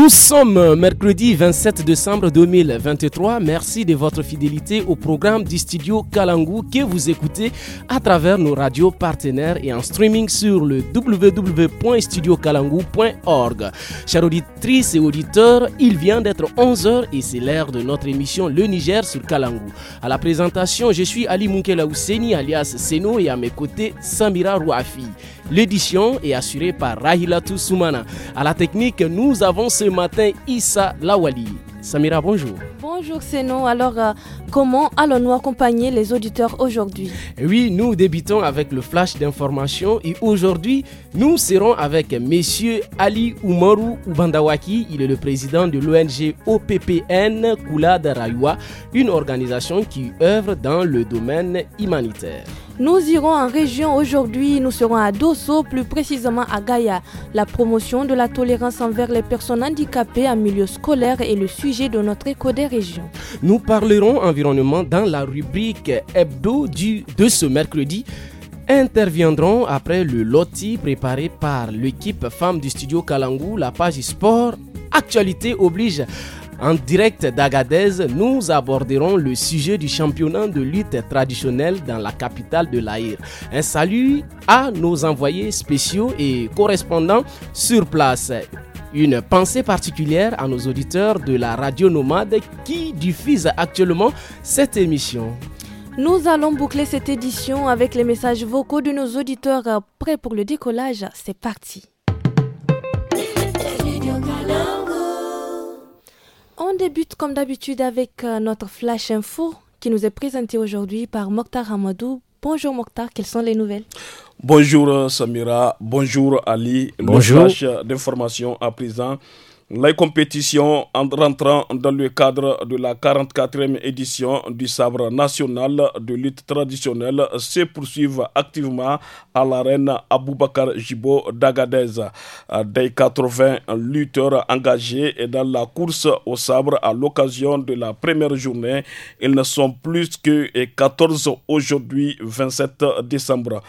Nous sommes mercredi 27 décembre 2023. Merci de votre fidélité au programme du studio Kalangu que vous écoutez à travers nos radios partenaires et en streaming sur le www.studiokalangu.org. Chers auditrices et auditeurs, il vient d'être 11h et c'est l'heure de notre émission Le Niger sur Kalangu. À la présentation, je suis Ali Moukela alias Seno et à mes côtés Samira Rouafi. L'édition est assurée par Rahilatou Soumana. À la technique, nous avons ce matin Issa Lawali. Samira, bonjour. Bonjour nous. Alors, euh, comment allons-nous accompagner les auditeurs aujourd'hui Oui, nous débutons avec le flash d'information et aujourd'hui, nous serons avec Monsieur Ali Oumarou Ubandawaki. Il est le président de l'ONG OPPN Kula Rayoua, une organisation qui œuvre dans le domaine humanitaire. Nous irons en région aujourd'hui, nous serons à Dosso, plus précisément à Gaïa. La promotion de la tolérance envers les personnes handicapées en milieu scolaire est le sujet de notre écho des régions. Nous parlerons environnement dans la rubrique hebdo du, de ce mercredi interviendront après le loti préparé par l'équipe femme du studio Kalangu, la page sport. Actualité oblige. En direct d'Agadez, nous aborderons le sujet du championnat de lutte traditionnelle dans la capitale de l'Aïr. Un salut à nos envoyés spéciaux et correspondants sur place. Une pensée particulière à nos auditeurs de la radio nomade qui diffuse actuellement cette émission. Nous allons boucler cette édition avec les messages vocaux de nos auditeurs prêts pour le décollage. C'est parti. On débute comme d'habitude avec euh, notre flash info qui nous est présenté aujourd'hui par Mokhtar Hamadou. Bonjour Mokhtar, quelles sont les nouvelles Bonjour euh, Samira, bonjour Ali. Bonjour. Le flash euh, d'information à présent les compétitions en rentrant dans le cadre de la 44e édition du sabre national de lutte traditionnelle se poursuivent activement à l'arène Aboubakar Jibo d'Agadez. Des 80 lutteurs engagés et dans la course au sabre à l'occasion de la première journée, ils ne sont plus que 14 aujourd'hui, 27 décembre.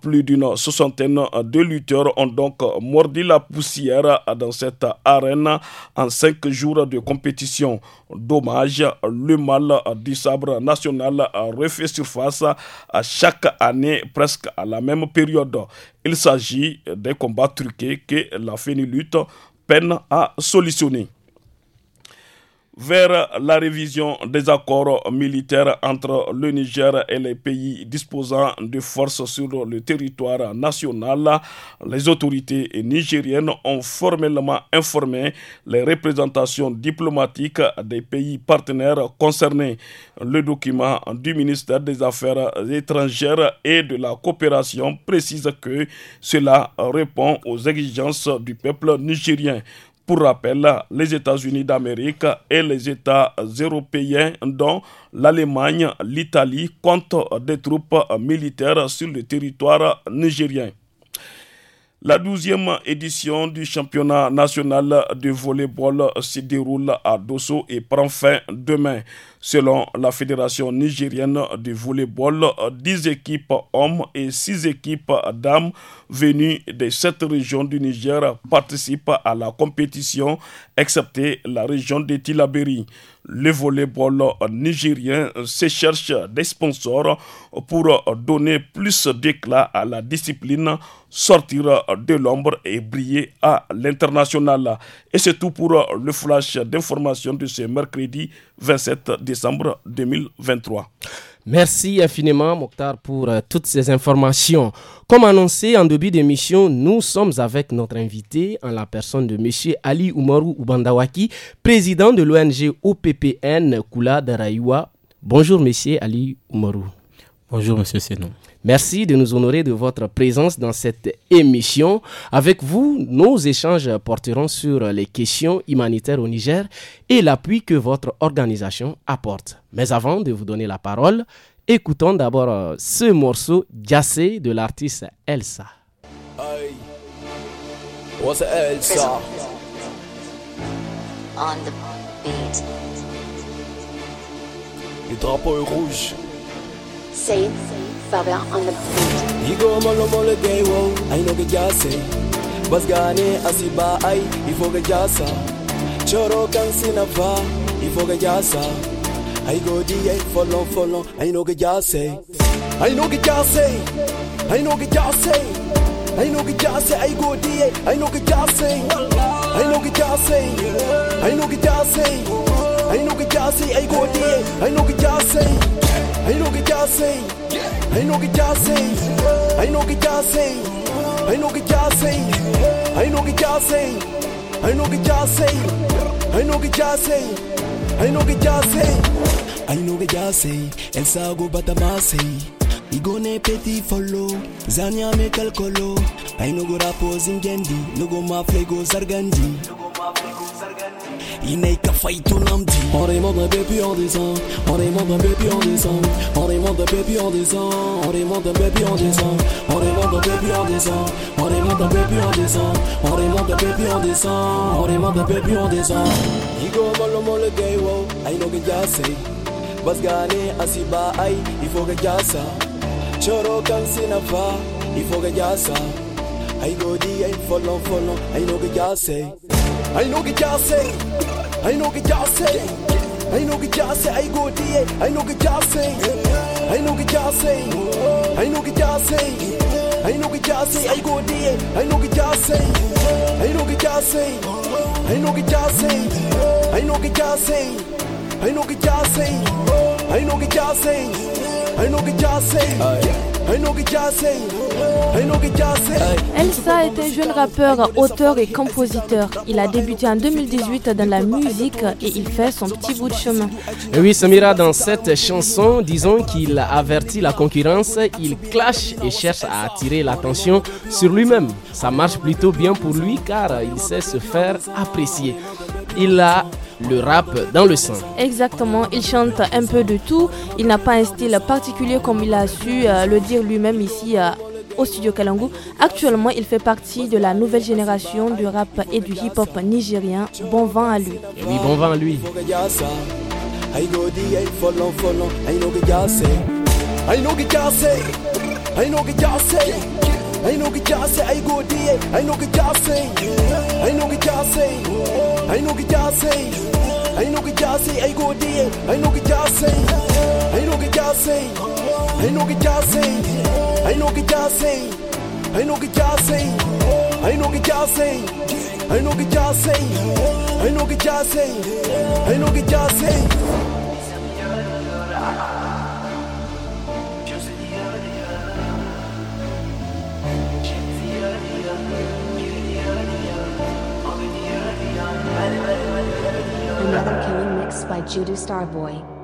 Plus d'une soixantaine de lutteurs ont donc mordi la poussière dans cette arène en cinq jours de compétition. Dommage, le mal du sabre national refait surface à chaque année presque à la même période. Il s'agit des combats truqués que la lutte peine à solutionner vers la révision des accords militaires entre le Niger et les pays disposant de forces sur le territoire national. Les autorités nigériennes ont formellement informé les représentations diplomatiques des pays partenaires concernés. Le document du ministère des Affaires étrangères et de la coopération précise que cela répond aux exigences du peuple nigérien. Pour rappel, les États-Unis d'Amérique et les États européens, dont l'Allemagne, l'Italie, comptent des troupes militaires sur le territoire nigérien. La douzième édition du championnat national de volleyball se déroule à Dosso et prend fin demain. Selon la Fédération nigérienne de volleyball, dix équipes hommes et six équipes dames venus de cette région du Niger participent à la compétition, excepté la région de Tilaberi. Le volleyball nigérien se cherche des sponsors pour donner plus d'éclat à la discipline, sortir de l'ombre et briller à l'international. Et c'est tout pour le flash d'information de ce mercredi 27 décembre 2023. Merci infiniment, Mokhtar, pour euh, toutes ces informations. Comme annoncé en début d'émission, nous sommes avec notre invité en la personne de M. Ali Umaru Ubandawaki, président de l'ONG OPPN Kula d'Araïwa. Bonjour, M. Ali Umaru. Bonjour, M. Senou. Merci de nous honorer de votre présence dans cette émission. Avec vous, nos échanges porteront sur les questions humanitaires au Niger et l'appui que votre organisation apporte. Mais avant de vous donner la parole, écoutons d'abord euh, ce morceau Gassé de l'artiste Elsa. Hey. What's Elsa? On the beat. Le drapeau est rouge. Favela on the beat. Yigo molo molo gay wow, I know gejase. Basgane asiba ay, ifo gejasa. Choro kansina va, ifo gejasa. I go di ay, follow follow, I know jase. I know jase. I know jase. I know jase. I go di ay, I know jase. I know jase. I know jase. I know what y'all say, I go there. I know what y'all say. I know what y'all say. I know what y'all say. I know what y'all say. I know what y'all say. I know what y'all say. I know what y'all say. I know what y'all say. I know what y'all say. I know what y'all say. Elsa go batamase. Igone petit follow, zanya me kalkolo. I no go rapo zingendi, no go ma flego zargandi. inay a fight On un bébé en descend On un bébé en descend On un bébé en descend On un bébé en descend On un bébé en descend On un bébé en descend On un bébé en descend On un bébé en descend Igo gay Bas asiba ay Choro il faut que I go di follow follow say I know get y'all say. I know get y'all say. I know get y'all say. I go DA. I know get y'all say. I know get y'all say. I know get y'all say. I know get y'all say. I go DA. I know get y'all say. I know get y'all say. I know get y'all say. I know get y'all say. I know get y'all say. I know get y'all say. I know get y'all say. I know get y'all say. Elsa est un jeune rappeur, auteur et compositeur. Il a débuté en 2018 dans la musique et il fait son petit bout de chemin. oui, Samira, dans cette chanson, disons qu'il avertit la concurrence, il clash et cherche à attirer l'attention sur lui-même. Ça marche plutôt bien pour lui car il sait se faire apprécier. Il a le rap dans le sang. Exactement, il chante un peu de tout. Il n'a pas un style particulier comme il a su euh, le dire lui-même ici euh, au studio Kalangu. Actuellement, il fait partie de la nouvelle génération du rap et du hip-hop nigérien. Bon vent à lui. oui, bon vent à lui. I know you ya sei, I know you ya sei, I know you ya sei, I know you ya sei, I know you ya sei, I know you ya sei. Another killing mix by Judo Starboy.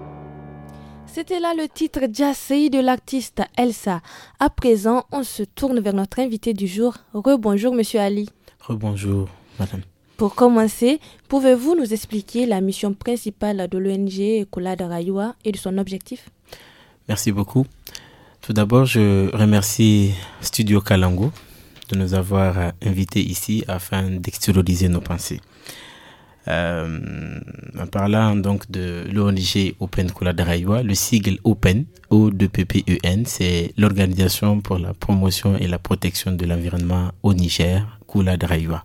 C'était là le titre Jassei de l'artiste Elsa. À présent, on se tourne vers notre invité du jour. Rebonjour, monsieur Ali. Rebonjour, madame. Pour commencer, pouvez-vous nous expliquer la mission principale de l'ONG Kola Rayoua et de son objectif Merci beaucoup. Tout d'abord, je remercie Studio Kalango de nous avoir invités ici afin d'extérioriser nos pensées. Euh, en parlant donc de l'ONG Open Kuladaraïwa, le sigle Open, o 2 PPUN, e c'est l'Organisation pour la promotion et la protection de l'environnement au Niger, Kuladaraïwa.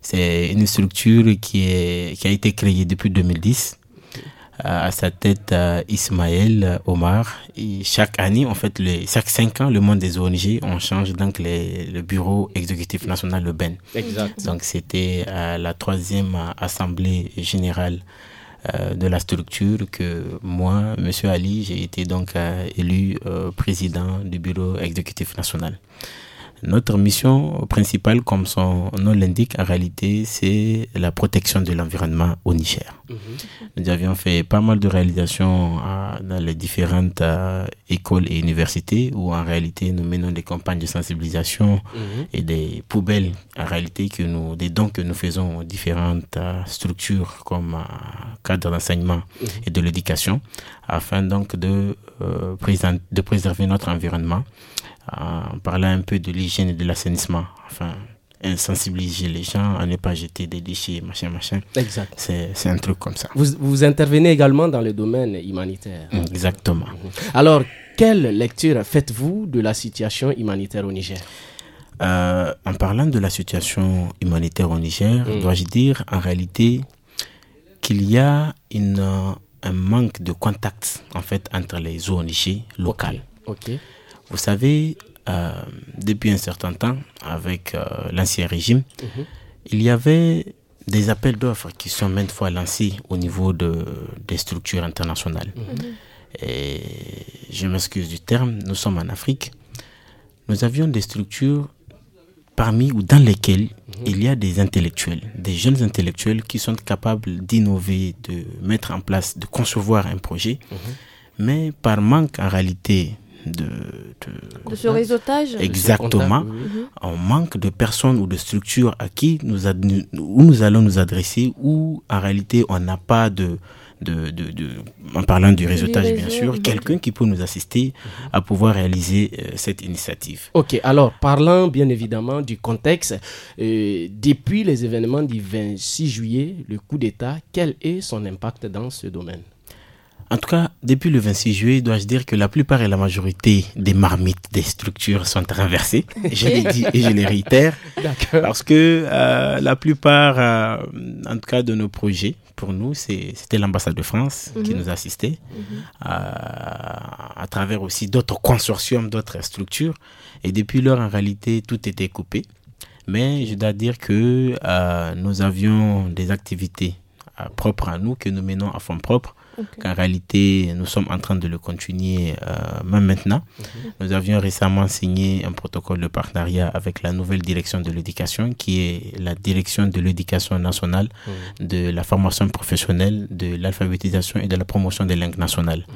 C'est une structure qui, est, qui a été créée depuis 2010 à sa tête Ismaël euh, Omar. Et chaque année, en fait, les, chaque cinq ans, le monde des ONG, on change donc le bureau exécutif national, le BEN. Exact. Donc c'était à la troisième assemblée générale euh, de la structure que moi, Monsieur Ali, j'ai été donc euh, élu président du bureau exécutif national. Notre mission principale, comme son nom l'indique, en réalité, c'est la protection de l'environnement au Niger. Mhm. Nous avions fait pas mal de réalisations ah, dans les différentes euh, écoles et universités où en réalité nous menons des campagnes de sensibilisation mhm. et des poubelles en réalité que nous des dons que nous faisons aux différentes euh, structures comme euh, cadre d'enseignement mhm. et de l'éducation afin donc de euh, de préserver notre environnement en parlant un peu de l'hygiène et de l'assainissement enfin hein, sensibiliser les gens à ne pas jeter des déchets, machin, machin. Exact. C'est un truc comme ça. Vous, vous intervenez également dans le domaine humanitaire. Exactement. Mhm. Alors, quelle lecture faites-vous de la situation humanitaire au Niger euh, En parlant de la situation humanitaire au Niger, mm. dois-je dire en réalité qu'il y a un manque de contact en fait entre les ONG locales. Vous savez, euh, depuis un certain temps, avec euh, l'ancien régime, mhm. il y avait des appels d'offres qui sont maintes fois lancés au niveau de, des structures internationales. Mhm et je m'excuse du terme, nous sommes en Afrique, nous avions des structures parmi ou dans lesquelles mhm. il y a des intellectuels, des jeunes intellectuels qui sont capables d'innover, de mettre en place, de concevoir un projet, mhm. mais par manque en réalité de, de, ce réseautage. Exactement. Mhm. On manque de personnes ou de structures à qui nous, nous allons nous adresser, ou en réalité on n'a pas de de, de, de, en parlant du réseautage bien sûr, quelqu'un qui peut nous assister à pouvoir réaliser euh, cette initiative. Ok, alors parlant bien évidemment du contexte, euh, depuis les événements du 26 juillet, le coup d'État, quel est son impact dans ce domaine en tout cas, depuis le 26 juillet, dois-je dire que la plupart et la majorité des marmites des structures sont renversées. Je l'ai dit et je les réitère. Parce que euh, la plupart, euh, en tout cas, de nos projets, pour nous, c'était l'ambassade de France qui mhm. nous assistait, mhm. euh, à travers aussi d'autres consortiums, d'autres structures. Et depuis lors, en réalité, tout était coupé. Mais je dois dire que nous avions des activités propres à nous que nous menons à fond propre en qu'en réalité, nous sommes en train de le continuer euh, même maintenant. Nous avions récemment signé un protocole de partenariat avec la nouvelle direction de l'éducation, qui est la direction de l'éducation nationale, de la formation professionnelle, de l'alphabétisation et de la promotion des langues nationales,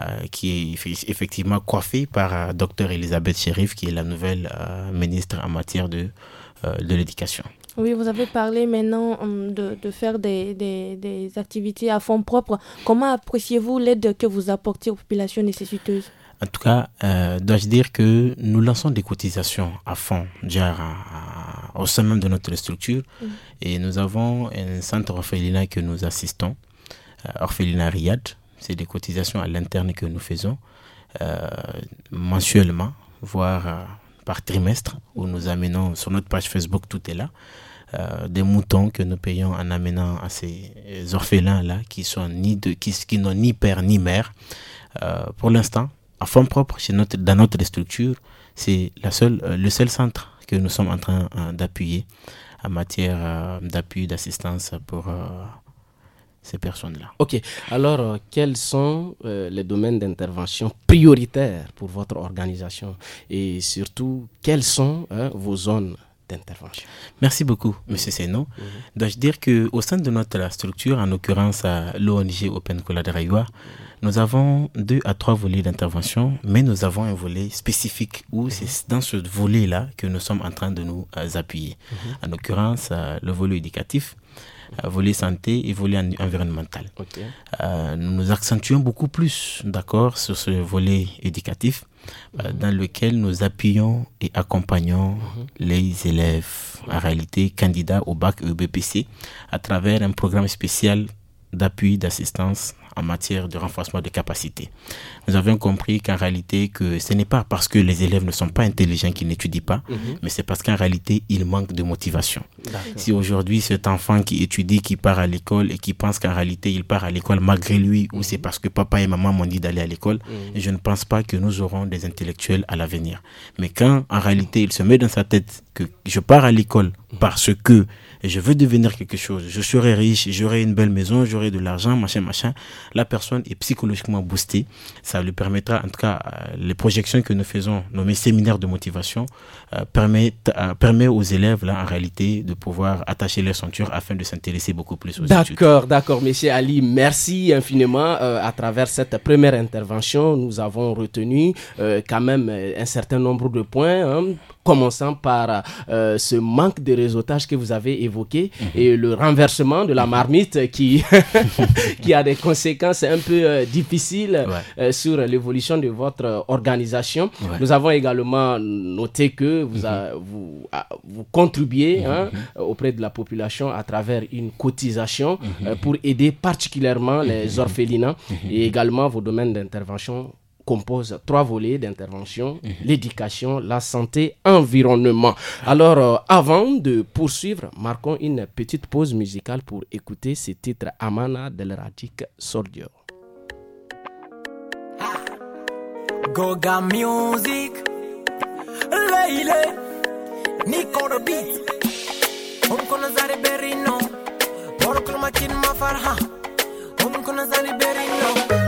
euh, qui est effectivement coiffée par euh, Dr. Elisabeth Sherif, qui est la nouvelle ministre en matière de l'éducation. Oui, vous avez parlé maintenant hum, de, faire des, des, activités à fonds propres. Comment appréciez-vous l'aide que vous apportez aux populations nécessiteuses En tout cas, euh, dois-je dire que nous lançons des cotisations à fonds, déjà au sein même de notre structure. Mm. Et nous avons un centre orphelinat que nous assistons, euh, orphelinat Riyad. C'est des cotisations à l'interne que nous faisons euh, mensuellement, voire par trimestre où nous amenons sur notre page Facebook, tout est là. Euh, des moutons que nous payons en amenant à ces orphelins-là qui ni de, qui, qui n'ont ni père ni mère. Euh, pour l'instant, à fond propre, notre, dans notre structure, c'est la seule, euh, le seul centre que nous sommes en train d'appuyer en matière d'appui, d'assistance pour ces personnes-là. Ok, alors quels sont les domaines d'intervention prioritaires pour votre organisation et surtout quelles sont hein, vos zones Merci beaucoup, M. Mm-hmm. Seno. Mm-hmm. Dois-je dire qu'au sein de notre structure, en l'occurrence l'ONG Open de Rayoua, mm-hmm. nous avons deux à trois volets d'intervention, mais nous avons un volet spécifique où c'est dans ce volet-là que nous sommes en train de nous euh, appuyer. En l'occurrence, euh, le volet éducatif euh, volet santé et volet environnemental. nous nous accentuons beaucoup plus, d'accord, sur ce volet éducatif. Euh, dans lequel nous appuyons et accompagnons mhm. les élèves, en réalité candidats au bac EBPC, à travers un programme spécial d'appui, d'assistance en matière de renforcement de capacité. Nous avions compris qu'en réalité, que ce n'est pas parce que les élèves ne sont pas intelligents qu'ils n'étudient pas, mhm. mais c'est parce qu'en réalité, ils manquent de motivation. Si aujourd'hui, cet enfant qui étudie, qui part à l'école et qui pense qu'en réalité, il part à l'école malgré lui, ou mhm. c'est parce que papa et maman m'ont dit d'aller à l'école, mhm. je ne pense pas que nous aurons des intellectuels à l'avenir. Mais quand en réalité, il se met dans sa tête que je pars à l'école parce que et je veux devenir quelque chose. Je serai riche, j'aurai une belle maison, j'aurai de l'argent, machin, machin. La personne est psychologiquement boostée. Ça lui permettra, en tout cas, euh, les projections que nous faisons, nommées séminaires de motivation, euh, permettent, euh, permet aux élèves, là, en réalité, de pouvoir attacher leur ceinture afin de s'intéresser beaucoup plus aux D'accord, d'accord, monsieur Ali. Merci infiniment. à travers cette première intervention, nous avons retenu quand même un certain nombre de points. Hein commençant par euh, ce manque de réseautage que vous avez évoqué mhm. et le renversement de la mhm. marmite qui, qui a des conséquences un peu euh, difficiles euh, sur l'évolution de votre organisation. Nous avons également noté que vous, mhm. vous, vous, contribuez hein, auprès de la population à travers une cotisation pour aider particulièrement les orphelinats et également vos domaines d'intervention compose trois volets d'intervention, mhm. l'éducation, la santé, environnement. Alors, euh, avant de poursuivre, marquons une petite pause musicale pour écouter ce titre Amana del Radik Sordio. Music,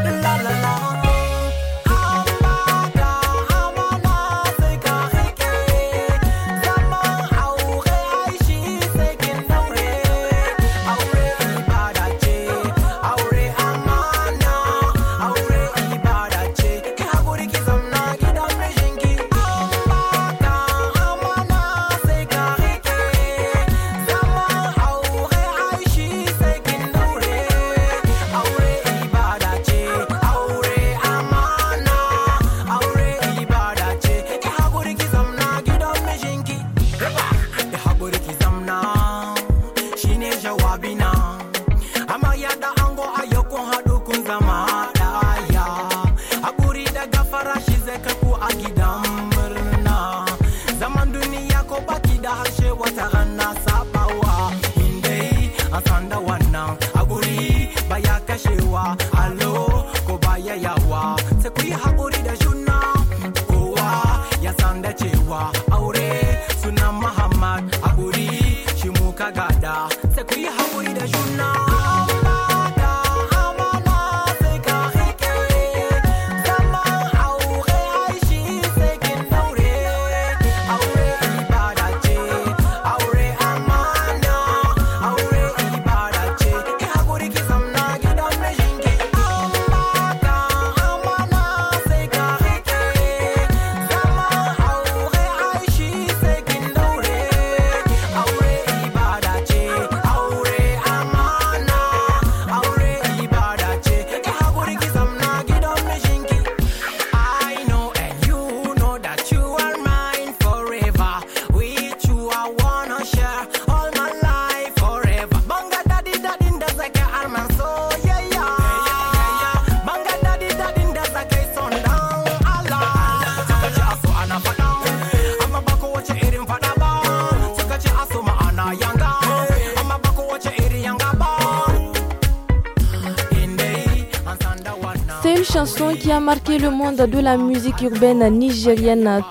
de la musique urbaine nigérienne.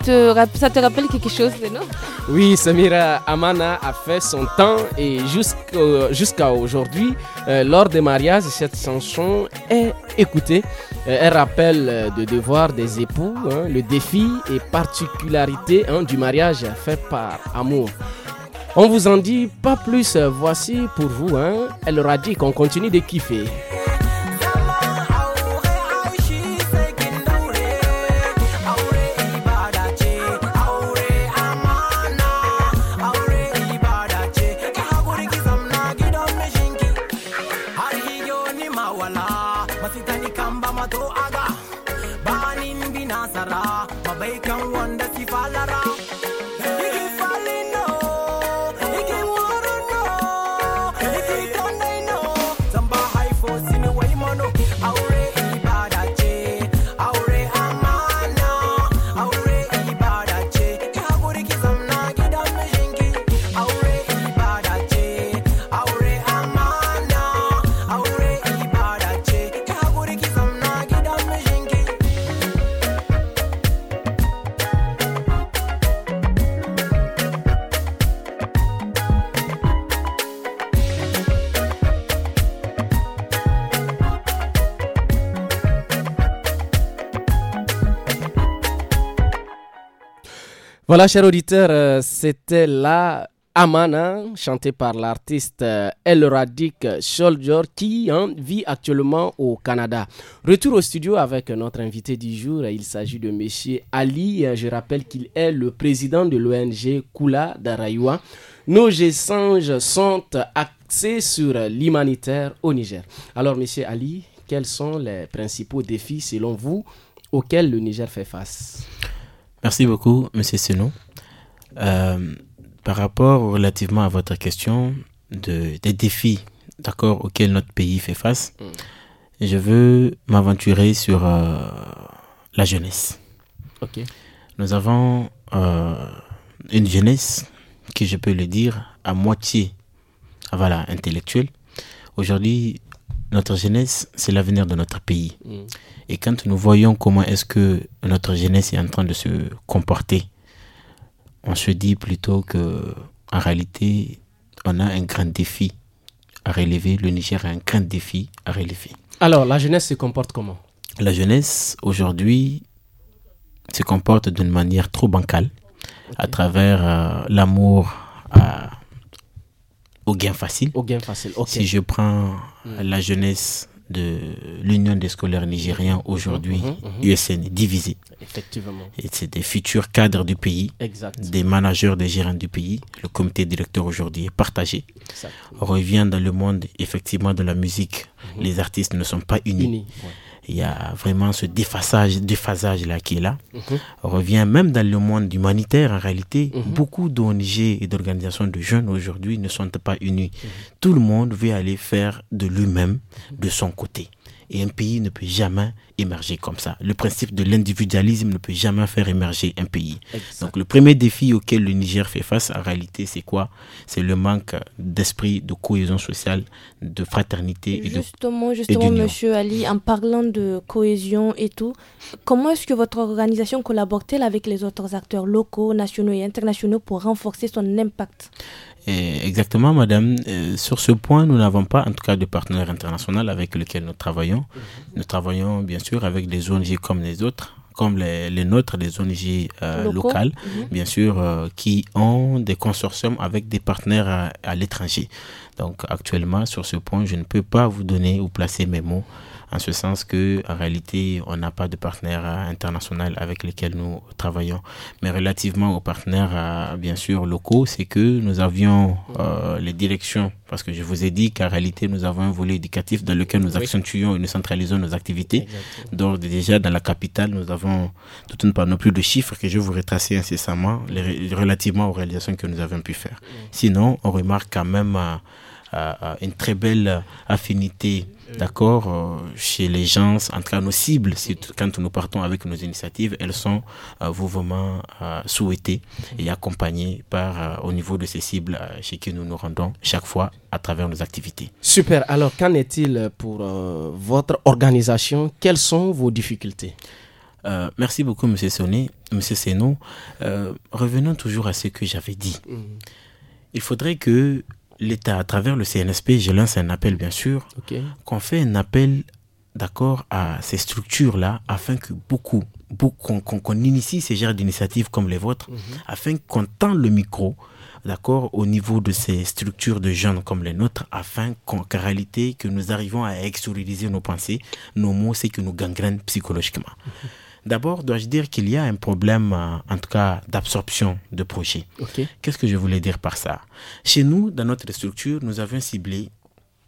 ça te rappelle quelque chose, non Oui, Samira Amana a fait son temps et jusqu'à aujourd'hui, euh, lors des mariages, cette chanson est écoutée. Euh, elle rappelle le euh, devoir des époux, hein, le défi et particularité hein, du mariage fait par amour. On vous en dit pas plus, voici pour vous, hein. elle aura dit qu'on continue de kiffer. Voilà, chers auditeurs, euh, c'était la Amana, chantée par l'artiste euh, El Radik Soldier, qui hein, vit actuellement au Canada. Retour au studio avec notre invité du jour. Il s'agit de M. Ali. Je rappelle qu'il est le président de l'ONG Kula d'Araywa. Nos échanges sont axés sur l'humanitaire au Niger. Alors, M. Ali, quels sont les principaux défis, selon vous, auxquels le Niger fait face Merci beaucoup, Monsieur Senou. Euh, par rapport relativement à votre question de, des défis d'accord, auxquels notre pays fait face, mm. je veux m'aventurer sur euh, la jeunesse. Nous avons euh, une jeunesse qui, je peux le dire, à moitié voilà, intellectuelle. Aujourd'hui, notre jeunesse, c'est l'avenir de notre pays. Mm. Et quand nous voyons comment est-ce que notre jeunesse est en train de se comporter, on se dit plutôt que en réalité, on a un grand défi à relever. Le Niger a un grand défi à relever. Alors, la jeunesse se comporte comment La jeunesse, aujourd'hui, se comporte d'une manière trop bancale, à travers euh, l'amour euh, au gain facile. Au gain facile, Si je prends hmm. la jeunesse de l'Union des scolaires nigériens aujourd'hui, mhm, mhm, mhm. USN, divisée. Effectivement. Et c'est des futurs cadres du pays, des managers, des gérants du pays. Le comité directeur aujourd'hui est partagé. revient dans le monde, effectivement, de la musique. Les artistes ne sont pas unis il y a vraiment ce déphasage, déphasage là qui est là. Mhm. revient même dans le monde humanitaire en réalité. Mhm. Beaucoup d'ONG et d'organisations de jeunes aujourd'hui ne sont pas unies. Mhm. Tout le monde veut aller faire de lui-même, de son côté. Et un pays ne peut jamais émerger comme ça. Le principe de l'individualisme ne peut jamais faire émerger un pays. Donc le premier défi auquel le Niger fait face, en réalité, c'est quoi C'est le manque d'esprit, de cohésion sociale, de fraternité. et de, justement, Monsieur Ali, en parlant de cohésion et tout, comment est-ce que votre organisation collabore-t-elle avec les autres acteurs locaux, nationaux et internationaux pour renforcer son impact exactement, madame. Euh, sur ce point, nous n'avons pas, en tout cas, de partenaire international avec lequel nous travaillons. Mhm. Nous travaillons, bien sûr, avec des ONG comme les autres, comme les, nôtres, des ONG euh, locales, mhm. bien sûr, euh, qui ont des consortiums avec des partenaires à l'étranger. Donc, actuellement, sur ce point, je ne peux pas vous donner ou placer mes mots en ce sens que en réalité, on n'a pas de partenaire euh, international avec lesquels nous travaillons. Mais relativement aux partenaires, euh, bien sûr, locaux, c'est que nous avions euh, les directions, parce que je vous ai dit qu'en réalité, nous avons un volet éducatif dans lequel nous accentuons et nous centralisons nos activités. Donc déjà, dans la capitale, nous avons toute une panoplie de chiffres que je vais vous retracer incessamment relativement aux réalisations que nous avons pu faire. Sinon, on remarque quand même une très belle affinité d'accord, euh, chez les gens, en tout nos cibles, quand nous partons avec nos initiatives, elles sont euh, vraiment euh, souhaitées et accompagnées par, euh, au niveau de ces cibles chez qui nous nous rendons chaque fois à travers nos activités. Super. Alors, qu'en est-il pour votre organisation Quelles sont vos difficultés merci beaucoup, M. Sonné. M. Seno, revenons toujours à ce que j'avais dit. Mhm. Il faudrait que l'État, à travers le CNSP, je lance un appel, bien sûr, qu'on fait un appel d'accord à ces structures-là afin que beaucoup, beaucoup qu'on initie ces genres d'initiatives comme les vôtres, mhm. afin qu'on tend le micro d'accord, au niveau de ces structures de jeunes comme les nôtres, afin qu'en réalité, que nous arrivons à extérioriser nos pensées, nos mots, ce que nous gangrènent psychologiquement. Mhm. D'abord, dois-je dire qu'il y a un problème, euh, en tout cas, d'absorption de projets. Qu'est-ce que je voulais dire par ça Chez nous, dans notre structure, nous avions ciblé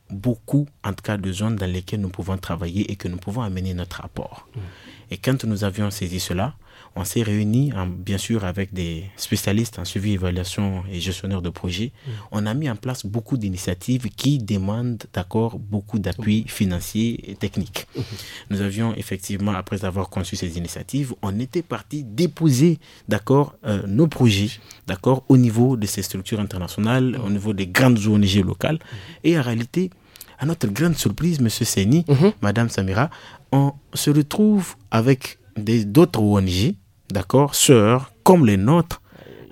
beaucoup, en tout cas, de zones dans lesquelles nous pouvons travailler et que nous pouvons amener notre apport. Mm. Et quand nous avions saisi cela, on s'est réunis, bien sûr, avec des spécialistes en suivi, évaluation et gestionnaire de projets. Mm. On a mis en place beaucoup d'initiatives qui demandent, d'accord, beaucoup d'appui mm. financier et technique. Mm-hmm. Nous avions effectivement, après avoir conçu ces initiatives, on était parti déposer, d'accord, euh, nos projets, d'accord, au niveau de ces structures internationales, mm. au niveau des grandes ONG locales. Mm-hmm. Et en réalité, à notre grande surprise, Monsieur Seni, mm-hmm. Madame Samira, on se retrouve avec d'autres ONG, d'accord, sœurs comme les nôtres,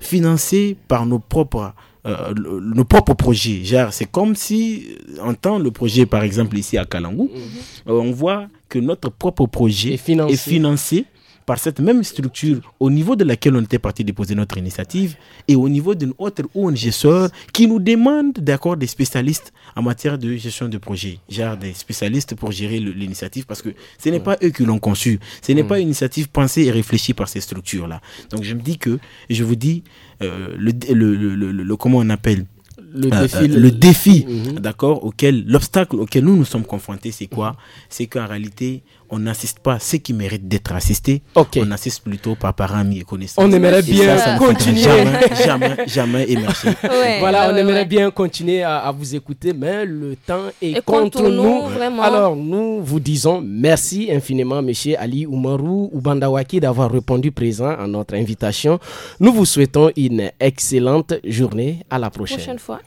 financées par nos propres euh, nos propres projets. c'est comme si, euh, en tant le projet, par exemple, ici à Kalangou, mhm. euh, on voit que notre propre projet est financé par cette même structure au niveau de laquelle on était parti déposer notre initiative et au niveau d'une autre ONG sœur qui nous demande d'accord des spécialistes en matière de gestion de projet, genre des spécialistes pour gérer l'initiative parce que ce n'est pas eux qui l'ont conçu, ce n'est pas mm. une initiative pensée et réfléchie par ces structures-là. Donc je me dis que, je vous dis, euh, le, comment on appelle le euh, défi, euh, mm-hmm. d'accord, auquel l'obstacle auquel nous nous sommes confrontés, c'est quoi C'est qu'en réalité, on n'assiste pas ce ceux qui mérite d'être assisté. On assiste plutôt par parents, amis et connaissances. On aimerait bien continuer. Jamais, jamais, jamais émerger. voilà, on aimerait bien continuer à, vous écouter, mais le temps est contre, nous. Alors, nous vous disons merci infiniment, M. Ali Oumarou Bandawaki d'avoir répondu présent à notre invitation. Nous vous souhaitons une excellente journée. À la prochaine. Prochaine fois,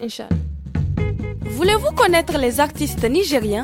Voulez-vous connaître les artistes nigériens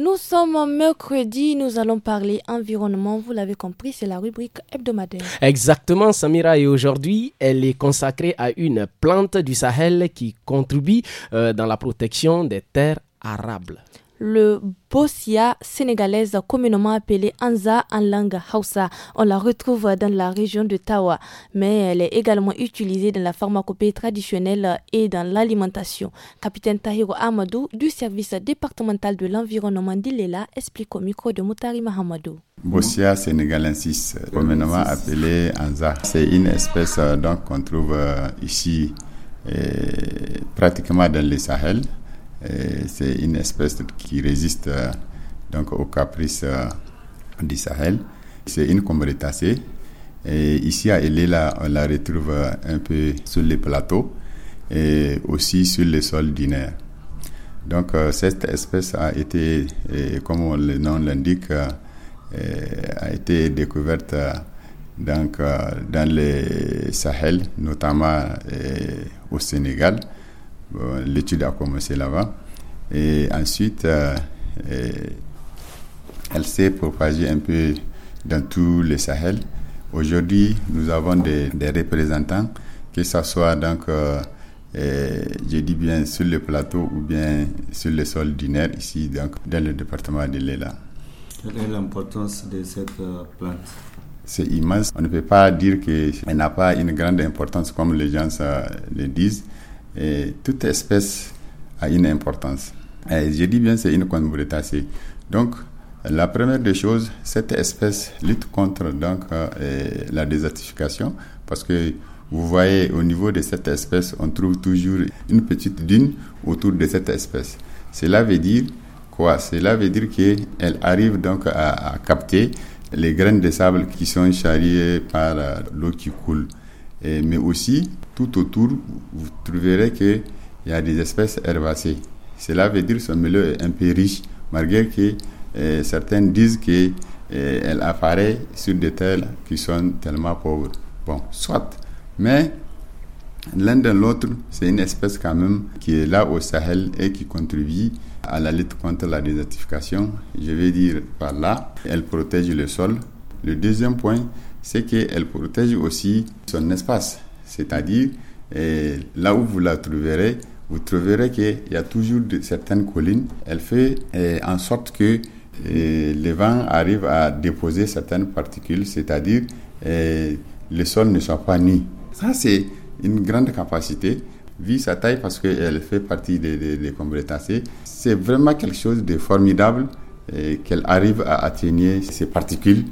Nous sommes mercredi, nous allons parler environnement. Vous l'avez compris, c'est la rubrique hebdomadaire. Exactement, Samira. Et aujourd'hui, elle est consacrée à une plante du Sahel qui contribue euh, dans la protection des terres arables le Bossia sénégalaise communément appelée Anza en langue Hausa. On la retrouve dans la région de Tawa, mais elle est également utilisée dans la pharmacopée traditionnelle et dans l'alimentation. Capitaine Tahiro Amadou du service départemental de l'environnement d'Ilela explique au micro de Moutari Mahamadou. Bossia sénégalensis, communément appelée Anza, c'est une espèce euh, qu'on trouve euh, ici pratiquement dans le Sahel c'est une espèce qui résiste euh, donc aux caprices euh, du Sahel. C'est une combrétacée. Et ici à Elela, on la retrouve euh, un peu sur les plateaux et aussi sur les sols du Donc cette espèce a été, comme le nom l'indique, a été découverte donc, dans le Sahel, notamment au Sénégal. Euh, l'étude a commencé là-bas. Et ensuite, euh, euh, elle s'est propagée un peu dans tout le Sahel. Aujourd'hui, nous avons des, représentants, que ce soit donc, sur le plateau ou bien sur le sol du ici donc, dans le département de l'Ela. Quelle est l'importance de cette plante C'est immense. On ne peut pas dire qu'elle n'a pas une grande importance comme les gens le disent toute espèce a une importance. Et je dis bien, c'est une convolutacée. Donc, la première des choses, cette espèce lutte contre donc, euh, la désertification parce que vous voyez au niveau de cette espèce, on trouve toujours une petite dune autour de cette espèce. Cela veut dire quoi Cela veut dire qu'elle arrive donc à, capter les graines de sable qui sont charriées par euh, l'eau qui coule. mais aussi, tout autour, vous trouverez qu'il y a des espèces herbacées. Cela veut dire que ce milieu est un peu riche, malgré que eh, certains disent qu'elle eh, apparaît sur des terres qui sont tellement pauvres. Bon, soit. Mais l'un de l'autre, c'est une espèce quand même qui est là au Sahel et qui contribue à la lutte contre la désertification. Je vais dire par là, elle protège le sol. Le deuxième point, c'est qu'elle protège aussi son espace c'est-à-dire, là où vous la trouverez, vous trouverez qu'il y a toujours de, certaines collines. Elle fait en sorte que les le vent arrive à déposer certaines particules, c'est-à-dire que le sol ne soit pas nu. Ça, c'est une grande capacité, vu sa taille, parce qu'elle fait partie des, des, C'est vraiment quelque chose de formidable qu'elle arrive à atténuer ces particules,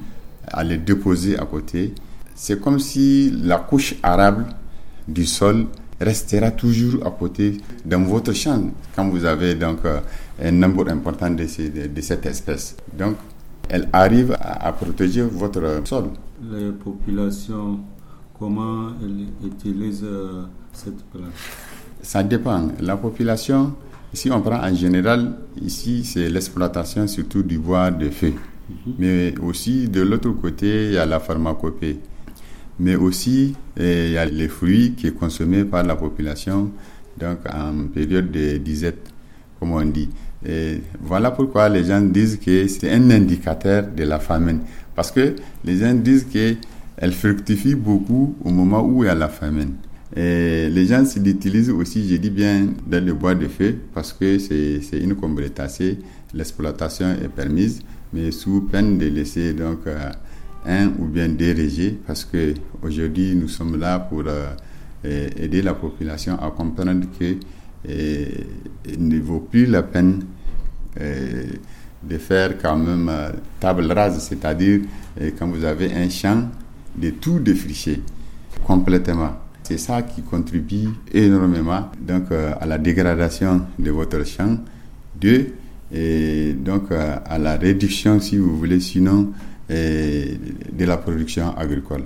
à les déposer à côté c'est comme si la couche arable du sol restera toujours à côté dans votre champ quand vous avez donc euh, un nombre important de, ces, de, cette espèce. Donc, elle arrive à, protéger votre sol. Les populations, comment elles utilisent euh, cette plante Ça dépend. La population, si on prend en général, ici, c'est l'exploitation surtout du bois de feu. Mhm. Mais aussi, de l'autre côté, il y a la pharmacopée mais aussi il y a les fruits qui est consommés par la population donc en période de disette comme on dit et voilà pourquoi les gens disent que c'est un indicateur de la famine parce que les gens disent que elle fructifie beaucoup au moment où il y a la famine et les gens l'utilisent aussi, je dis bien, dans le bois de feu, parce que c'est une combretacée, l'exploitation est permise, mais sous peine de laisser donc euh, un ou bien dérégé, parce que aujourd'hui nous sommes là pour euh, eh, aider la population à comprendre que eh, il ne vaut plus la peine eh, de faire quand même euh, table rase, c'est-à-dire quand vous avez un champ de tout défricher complètement. C'est ça qui contribue énormément donc, euh, à la dégradation de votre champ. Deux, et donc à la réduction, si vous voulez, sinon de la production agricole,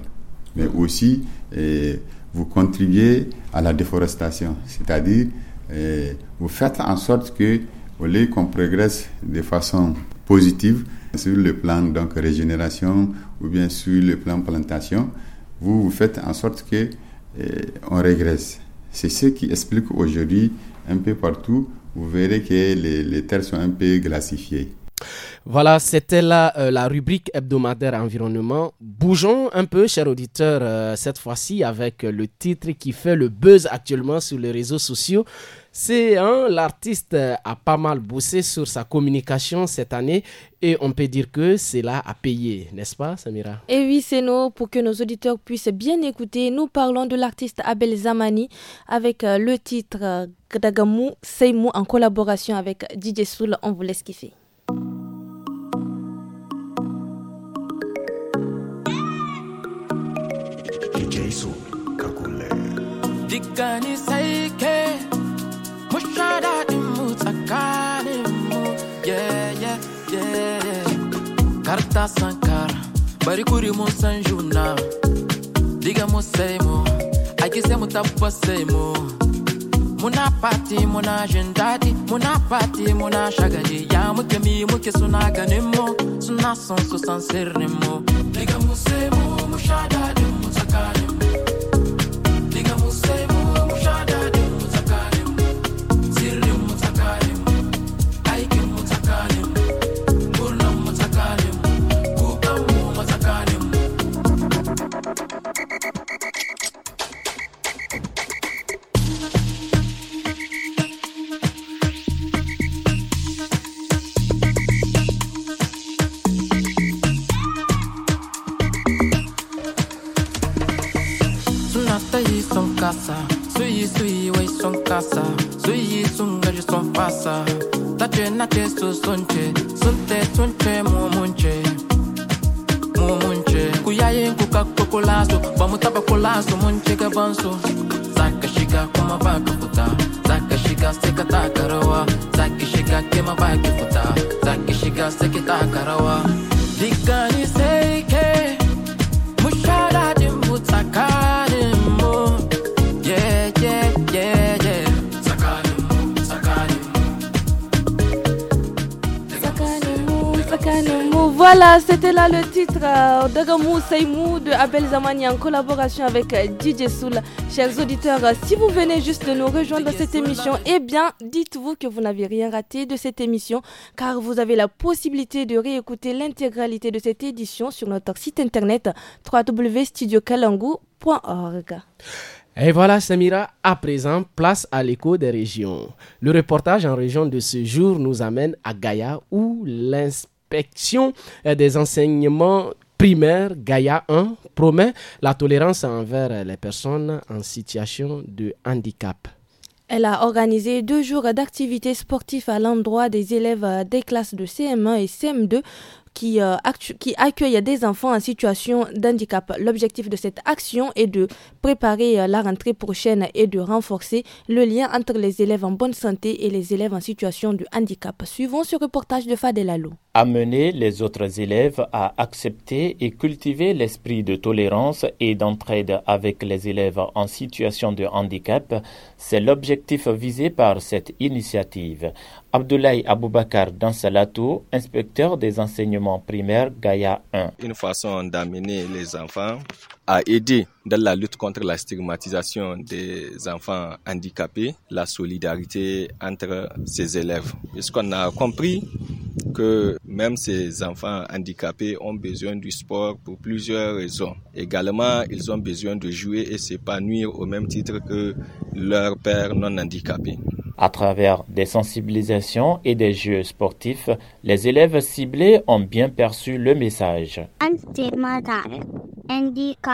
mais aussi vous contribuez à la déforestation, c'est-à-dire vous faites en sorte que au lieu qu'on progresse de façon positive sur le plan donc régénération ou bien sur le plan plantation, vous, vous faites en sorte que on régresse. C'est ce qui explique aujourd'hui un peu partout, vous verrez que les, les terres sont un peu glacifiées. Voilà, c'était là euh, la, rubrique hebdomadaire environnement. Bougeons un peu, chers auditeurs, euh, cette fois-ci avec euh, le titre qui fait le buzz actuellement sur les réseaux sociaux. C'est un, hein, l'artiste a pas mal bossé sur sa communication cette année et on peut dire que cela a payé, n'est-ce pas Samira Et eh oui, c'est nous, pour que nos auditeurs puissent bien écouter, nous parlons de l'artiste Abel Zamani avec le titre Gdagamou Seimu en collaboration avec DJ Soul, on vous laisse kiffer. Jason Kakule. Digani saike, mushada imu takani yeah yeah yeah. Karta sankara, barikuri mu sanjuna, diga mo, seimu, akise mu tapwa seimu. Muna pati muna jindadi, muna pati muna shagadi, ya muke mi mo, suna ganin suna son su san Diga mu seimu, mushada tu sonche Sunte tunche mu munche Mu munche Kuyayin kuka kokolaso Bamu kolaso munche kavanso. c'était là le titre de Dagamou Seymou" de Abel Zamani en collaboration avec euh, DJ Soul. Chers auditeurs, euh, si vous venez juste de nous rejoindre dans cette émission, eh bien, dites-vous que vous n'avez rien raté de cette émission car vous avez la possibilité de réécouter l'intégralité de cette édition sur notre site internet www.studiocalangu.org. Et voilà Samira, à présent, place à l'écho des régions. Le reportage en région de ce jour nous amène à Gaïa où l'inspiration euh, des enseignements primaires, Gaïa 1, promet la tolérance envers les personnes en situation de handicap. Elle a organisé deux jours d'activités sportives à l'endroit des élèves des classes de CM1 et CM2 euh, qui, accueille des enfants en situation d'handicap. L'objectif de cette action est de préparer euh, la rentrée prochaine et de renforcer le lien entre les élèves en bonne santé et les élèves en situation de handicap. Suivons ce reportage de Fadelalo. Amener les autres élèves à accepter et cultiver l'esprit de tolérance et d'entraide avec les élèves en situation de handicap, c'est l'objectif visé par cette initiative. Abdoulaye Aboubakar Dansalatou, inspecteur des enseignements primaires Gaïa 1. Une façon d'amener les enfants à aider dans la lutte contre la stigmatisation des enfants handicapés, la solidarité entre ces élèves. qu'on a compris que même ces enfants handicapés ont besoin du sport pour plusieurs raisons. Également, ils ont besoin de jouer et s'épanouir au même titre que leurs pères non handicapés. À travers des sensibilisations et des jeux sportifs, les élèves ciblés ont bien perçu le message.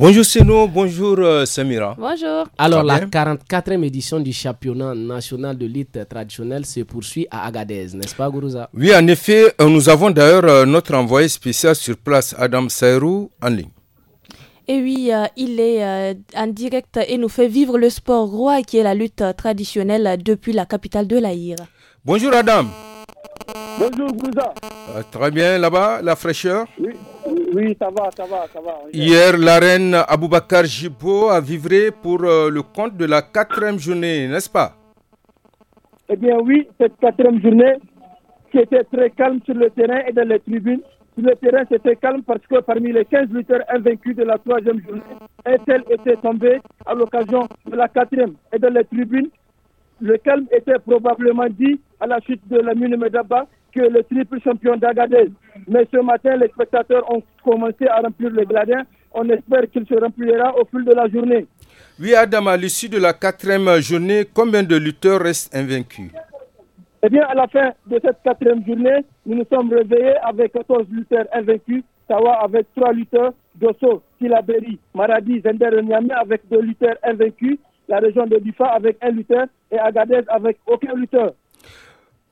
Bonjour Seno, bonjour euh, Samira. Bonjour. Alors la 44e édition du championnat national de lutte traditionnelle se poursuit à Agadez, n'est-ce pas Gourouza Oui, en effet, euh, nous avons d'ailleurs euh, notre envoyé spécial sur place, Adam Sayrou, en ligne. Et oui, il est en direct et nous fait vivre le sport roi qui est la lutte traditionnelle depuis la capitale de l'Aïr. Bonjour Adam. Bonjour, euh, très bien, là-bas, la fraîcheur oui, oui, ça va, ça va, ça va. Hier, la reine Aboubakar Jibo a vivré pour euh, le compte de la quatrième journée, n'est-ce pas Eh bien, oui, cette quatrième journée c'était très calme sur le terrain et dans les tribunes. Sur le terrain, c'était calme parce que parmi les 15 lutteurs invaincus de la troisième journée, un tel était tombé à l'occasion de la quatrième. Et dans les tribunes, le calme était probablement dit à la suite de la Mune Medaba que le triple champion d'Agadez. Mais ce matin, les spectateurs ont commencé à remplir le gradin. On espère qu'il se remplira au fil de la journée. Oui, Adam, à l'issue de la quatrième journée, combien de lutteurs restent invaincus Eh bien, à la fin de cette quatrième journée, nous nous sommes réveillés avec 14 lutteurs invaincus, Tawa avec 3 lutteurs, Dosso, Kilaberi, Maradi, Zender et Niamé avec deux lutteurs invaincus, la région de Bifa avec un lutteur et Agadez avec aucun lutteur.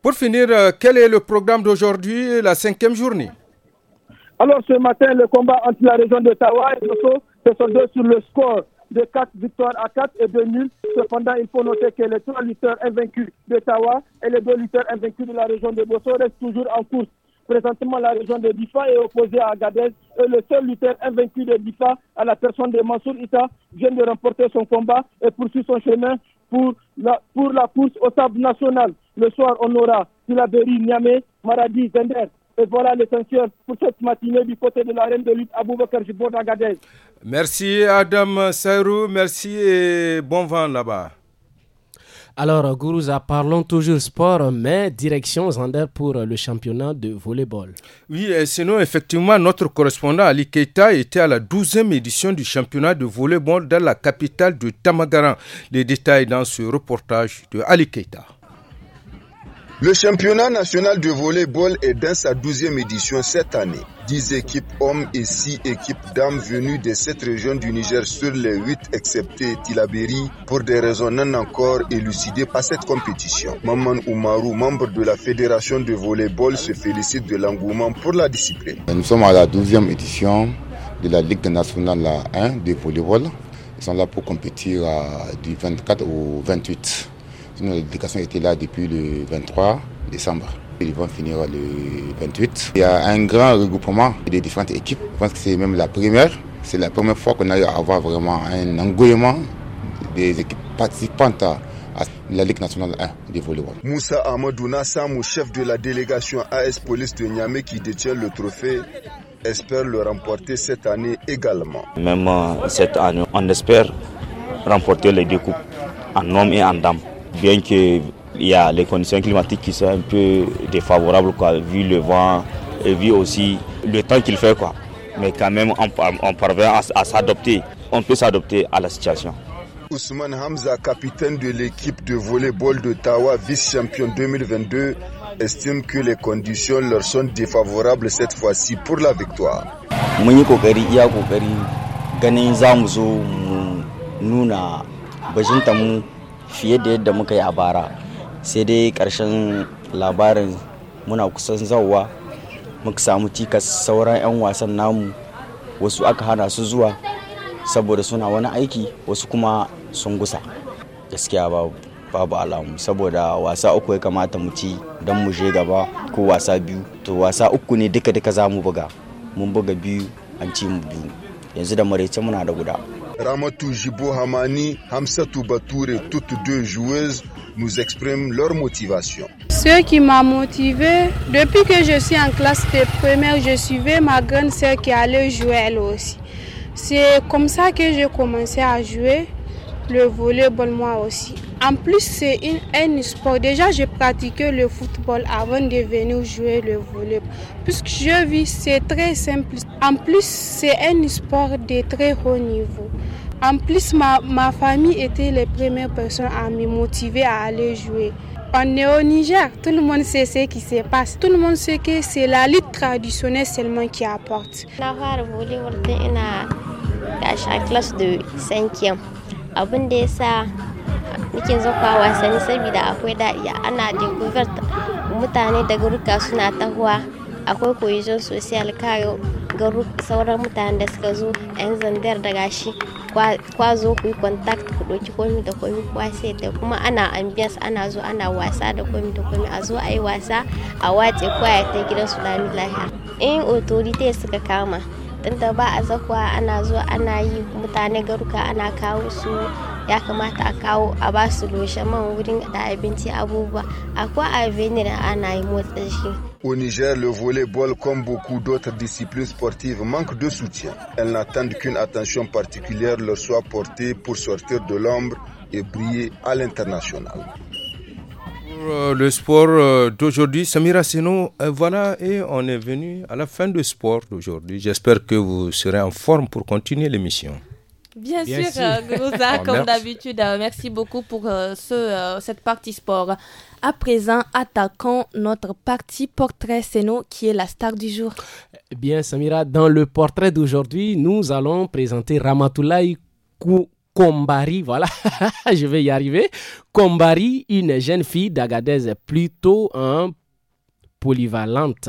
Pour finir, euh, quel est le programme d'aujourd'hui, la cinquième journée Alors ce matin, le combat entre la région de Tawa et ce se soldé sur le score de 4 victoires à 4 et 2 nuls. Cependant, il faut noter que les trois lutteurs invaincus de Tawa et les deux lutteurs invaincus de la région de Bosso restent toujours en course Présentement, la région de Bifa est opposée à Agadez. le seul lutteur invaincu de Bifa, à la personne de Mansour Ita, vient de remporter son combat et poursuit son chemin pour la, pour la course au sable national. Le soir, on aura Tilaberi, Niamey, Maradi, Zender. Et voilà l'essentiel pour cette matinée du côté de la reine de lutte Aboubakar Jibour d'Agadez. Merci Adam Sayrou, merci et bon vent là-bas. Alors, Gourouza, parlons toujours sport, mais direction Zander pour le championnat de volleyball. Oui, sinon, effectivement, notre correspondant Ali Keita était à la 12e édition du championnat de volleyball dans la capitale de Tamagaran. Les détails dans ce reportage de Ali Keita. Le championnat national de volleyball est dans sa douzième édition cette année. Dix équipes hommes et six équipes dames venues de cette régions du Niger sur les huit, excepté Tilaberi pour des raisons non encore élucidées par cette compétition. Maman Oumarou, membre de la fédération de volleyball, se félicite de l'engouement pour la discipline. Nous sommes à la douzième édition de la Ligue nationale 1 de volleyball. Ils sont là pour compétir euh, du 24 au 28 L'éducation était là depuis le 23 décembre. Ils vont finir le 28. Il y a un grand regroupement des différentes équipes. Je pense que c'est même la première. C'est la première fois qu'on a eu à avoir vraiment un engouement des équipes participantes à la Ligue nationale 1 de volleyball. Moussa Amadouna Samou, chef de la délégation AS Police de Niamey qui détient le trophée, espère le remporter cette année également. Même euh, cette année, on espère remporter les deux coupes en hommes et en dames bien qu'il y a les conditions climatiques qui sont un peu défavorables, vu le vent et vu aussi le temps qu'il fait. Quoi. Mais quand même, on, parvient à, s'adopter. On peut s'adopter à la situation. Ousmane Hamza, capitaine de l'équipe de volleyball d'Ottawa, vice-champion 2022, estime que les conditions leur sont défavorables cette fois-ci pour la victoire. fiye da yadda muka yi a bara sai dai ƙarshen labarin muna kusan zawa muka samu tikas sauran 'yan wasan namu wasu aka hana su zuwa saboda suna wani aiki wasu kuma sun gusa gaskiya babu babu alamu saboda wasa uku ya kamata mu ci don mu gaba ko wasa biyu to wasa uku ne duka-duka za mu buga mun buga biyu an ci mu biyu yanzu da maraice muna da guda Ramatou Jibohamani, Hamani, Hamsatou et toutes deux joueuses, nous expriment leur motivation. Ce qui m'a motivé, depuis que je suis en classe de première, je suivais ma grande sœur qui allait jouer elle aussi. C'est comme ça que j'ai commencé à jouer le volleyball moi aussi. En plus, c'est un sport. Déjà, j'ai pratiqué le football avant de venir jouer le volleyball. Puisque je vis, c'est très simple. En plus, c'est un sport de très haut niveau. En plus, ma, famille était les premières personnes à me motiver à aller jouer. On est au Niger, tout le monde sait ce qui se passe. Tout le monde sait que c'est la lutte traditionnelle seulement qui apporte. Je classe de 5e. abin da ya sa nake zakwa wasanni saboda akwai daɗi ana découvert mutane da garuka suna tahuwa akwai cohesion social kayo garu sauran mutane da suka zo yan zandar da gashi kwa ku yi contact ku ɗauki komi da komi kuwa sai da kuma ana ambiance ana zo ana wasa da komi da komi a zo a yi wasa a watse kwaya ta gidan su lami lahiya in authority suka kama Au Niger, le volleyball, comme beaucoup d'autres disciplines sportives, manque de soutien. Elles n'attendent qu'une attention particulière leur soit portée pour sortir de l'ombre et briller à l'international. Euh, le sport euh, d'aujourd'hui. Samira Seno, euh, voilà, et on est venu à la fin du sport d'aujourd'hui. J'espère que vous serez en forme pour continuer l'émission. Bien, sûr, oh, comme d'habitude, merci beaucoup pour ce, cette partie sport. À présent, attaquons notre partie portrait Seno, qui est la star du jour. Eh bien, Samira, dans le portrait d'aujourd'hui, nous allons présenter Ramatoulaye Kou Kombari, voilà, je vais y arriver. Combari, une jeune fille d'Agadez plutôt hein, polyvalente.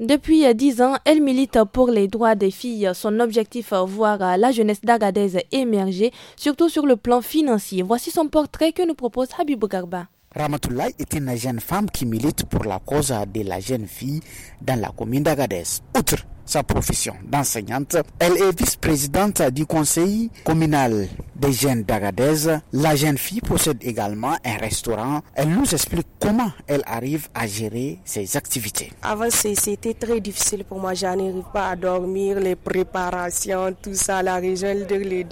Depuis euh, dix ans, elle milite pour les droits des filles. Son objectif, euh, voir euh, la jeunesse d'Agadez émerger, surtout sur le plan financier. Voici son portrait que nous propose Habib Garba. Ramatoulaye est une jeune femme qui milite pour la cause de la jeune fille dans la commune d'Agadez. Outre sa profession d'enseignante. Elle est vice-présidente du conseil communal des jeunes d'Agadez. La jeune fille possède également un restaurant. Elle nous explique comment elle arrive à gérer ses activités. Avant, c'était très difficile pour moi. n'arrive pas à dormir, les préparations, tout ça, la région de les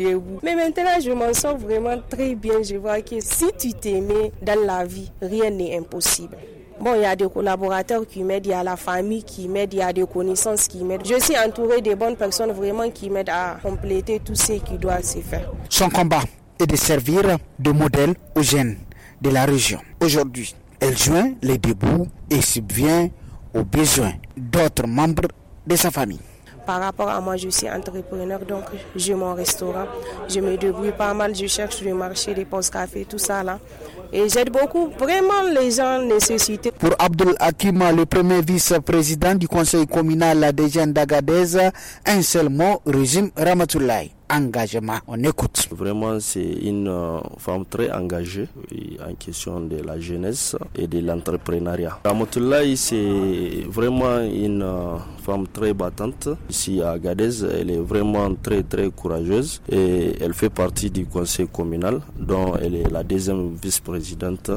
Mais maintenant, je m'en sors vraiment très bien. Je vois que si tu t'aimais dans la vie, rien n'est impossible. Bon, il y a des collaborateurs qui m'aident, il y a la famille qui m'aide, il y a des connaissances qui m'aident. Je suis entouré de bonnes personnes vraiment qui m'aident à compléter tout ce qui doit se faire. Son combat est de servir de modèle aux jeunes de la région. Aujourd'hui, elle joint les débouts et subvient aux besoins d'autres membres de sa famille par rapport à moi, je suis entrepreneur, donc j'ai mon restaurant. Je me débrouille pas mal, je cherche le marché, les postes café, tout ça là et j'aide beaucoup vraiment les gens nécessités. Pour Abdul Akima, le premier vice-président du conseil communal la jeunes d'Agadez, un seul mot, régime Ramatoulaye engagement. On écoute. Vraiment, c'est une euh, femme très engagée en question de la jeunesse et de l'entrepreneuriat. Ramotoulaye, c'est vraiment une euh, femme très battante. Ici à Gadez, elle est vraiment très très courageuse et elle fait partie du conseil communal dont elle est la deuxième vice-présidente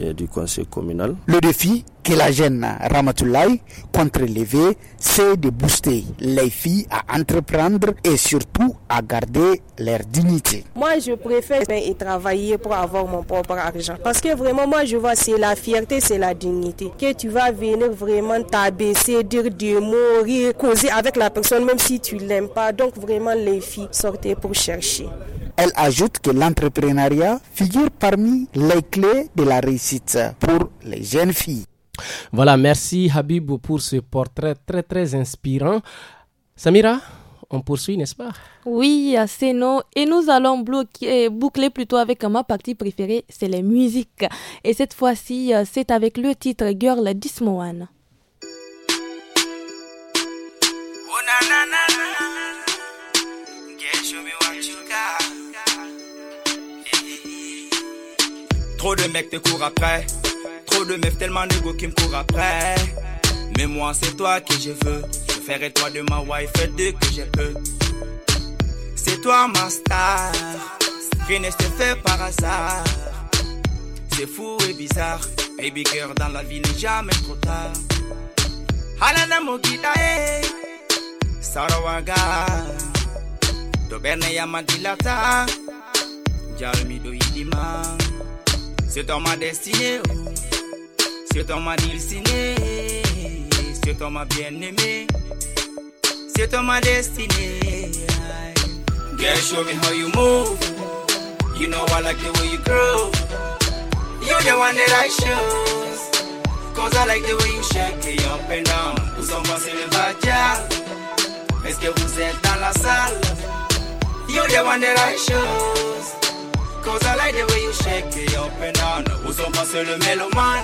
euh, du conseil communal. Le défi que la jeune Ramatoulaye, contre-levé, c'est de booster les filles à entreprendre et surtout à garder leur dignité. Moi, je préfère travailler pour avoir mon propre argent. Parce que vraiment, moi, je vois, c'est la fierté, c'est la dignité. Que tu vas venir vraiment t'abaisser, dire de mourir, rire, causer avec la personne, même si tu l'aimes pas. Donc, vraiment, les filles, sortez pour chercher. Elle ajoute que l'entrepreneuriat figure parmi les clés de la réussite pour les jeunes filles. Voilà, merci Habib pour ce portrait très très inspirant. Samira, on poursuit, n'est-ce pas Oui, c'est nous. Et nous allons euh, boucler plutôt avec ma partie préférée, c'est les musiques. Et cette fois-ci, euh, c'est avec le titre Girl Dismoan. Trop de mecs te courent après trop de meufs, tellement de go qui me courent après. Mais moi, c'est toi que je veux. Je ferai toi de ma wife de que je peux. C'est toi ma star. Rien n'est se fait par hasard. C'est fou et bizarre. Baby girl, dans la vie n'est jamais trop tard. Halana Mogida, eh. Sarawaga. dilata Yamadilata. Jalmido Idima. C'est toi ma destinée. Oh. C'est ton m'a destiné, c'est ton m'a bien aimé, c'est ton m'a destiné. Girl, show me how you move. You know I like the way you groove. You're the one that I choose. Cause I like the way you shake it up and down. Vous embrassez le vaja. Est-ce que vous êtes dans la salle? You're the one that I choose. Cause I like the way you shake it up and down. Vous embrassez le mélomane.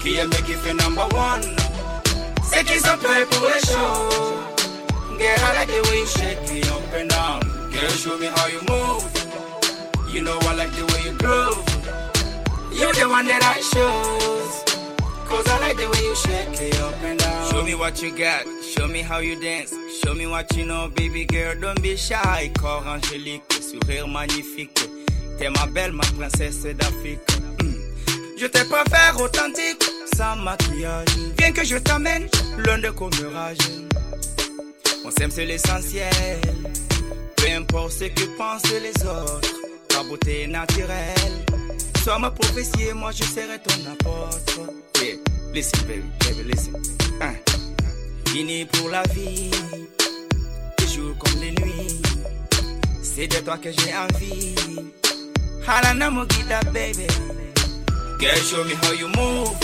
Kia make it number one. Sick is a preparation. Get like the way you shake it up and down. Girl, show me how you move. You know I like the way you groove. You the one that I choose. Cause I like the way you shake it up and down. Show me what you got. Show me how you dance. Show me what you know, baby girl. Don't be shy. Corps angélique, sourire magnifique. T'es ma belle, ma princesse d'Afrique. Je pas préfère authentique, sans maquillage. Viens que je t'amène l'un de commérage. On s'aime, c'est l'essentiel. Peu importe ce que pensent les autres, ta beauté est naturelle. Sois ma prophétie et moi je serai ton apôtre. Yeah, listen baby, baby, listen. Hein, hein. Fini pour la vie, les jours comme les nuits. C'est de toi que j'ai envie. Halana Mogida, baby. Girl, show me how you move.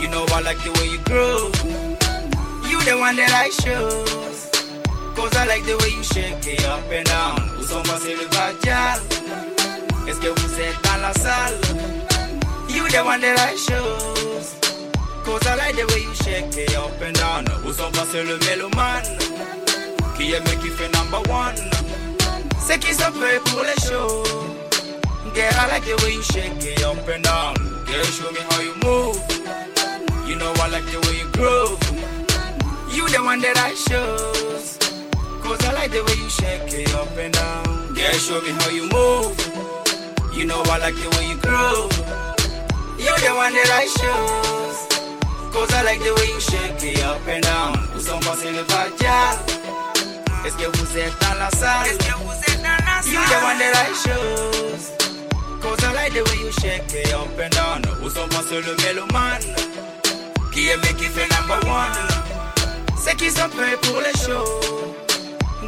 You know I like the way you groove. You the one that I choose. Cause I like the way you shake it up and down. Usoma c'est le vajal. Est-ce que vous êtes dans la salle? You the one that I choose. Cause I like the way you shake it up and down. Usoma c'est le mélomane. Qui aime et qui fait number one. C'est qui s'en fait pour les choses. Girl, I like the way you shake it up and down. Girl, show me how you move. You know I like the way you groove. You the one that I choose. Cause I like the way you shake it up and down. Girl, show me how you move. You know I like the way you groove. You the one that I choose. Cause I like the way you shake it up and down. Usomba Silvaja. Est-ce que vous êtes dans la salle? Est-ce que vous êtes dans la salle? You the one that I choose. Cause I like the way you shake it up and down. Who's up on le méloman? Qui est mec qui fait number one? C'est qui s'en paye pour les shows.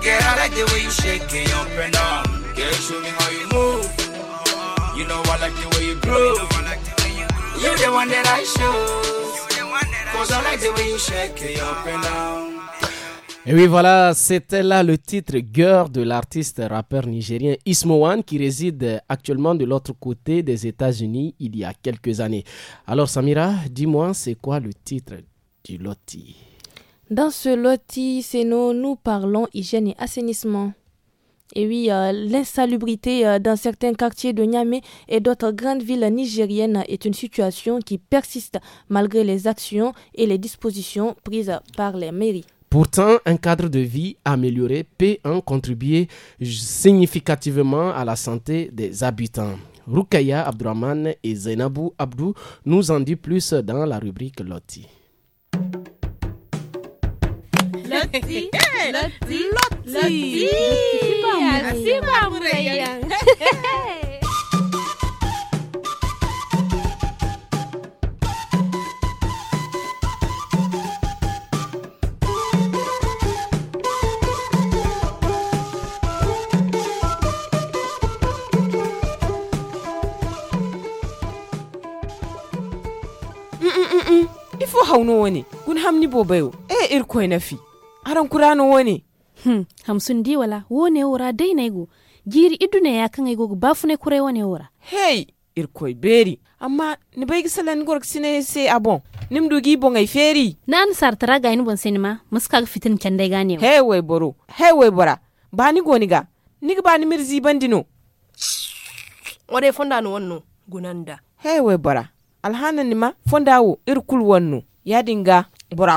Girl, I like the way you shake it up and down. Girl, show me how you move. You know I like the way you groove. You the one that I show. Cause I like the way you shake it up and down. Et oui, voilà, c'était là le titre Girl de l'artiste rappeur nigérien Ismoan qui réside actuellement de l'autre côté des États-Unis il y a quelques années. Alors, Samira, dis-moi, c'est quoi le titre du loti Dans ce loti, c'est nous, nous parlons hygiène et assainissement. Et oui, euh, l'insalubrité euh, dans certains quartiers de Niamey et d'autres grandes villes nigériennes est une situation qui persiste malgré les actions et les dispositions prises par les mairies. Pourtant, un cadre de vie amélioré peut en contribuer significativement à la santé des habitants. Rukaya Abdurrahman et Zainabou Abdou nous en disent plus dans la rubrique Loti. Loti, eh, Loti, Loti, fo hauno woni gun hamni bo bayo e irkoi er na fi aran kurano woni hmm hamsundi wala wone wora dai na giri iduna ya kan igo bafune fune kure wane wora hey irkoi er beri amma ni baygi salan sine se abon nim dugi bon ngay feri nan sartara ga bon cinéma muska fitin kende hey wai hey webora. bora ba ni ni mirzi bandino ore fonda no wonno gunanda hey webora. alhanan nima ir kul wonnu ya dinga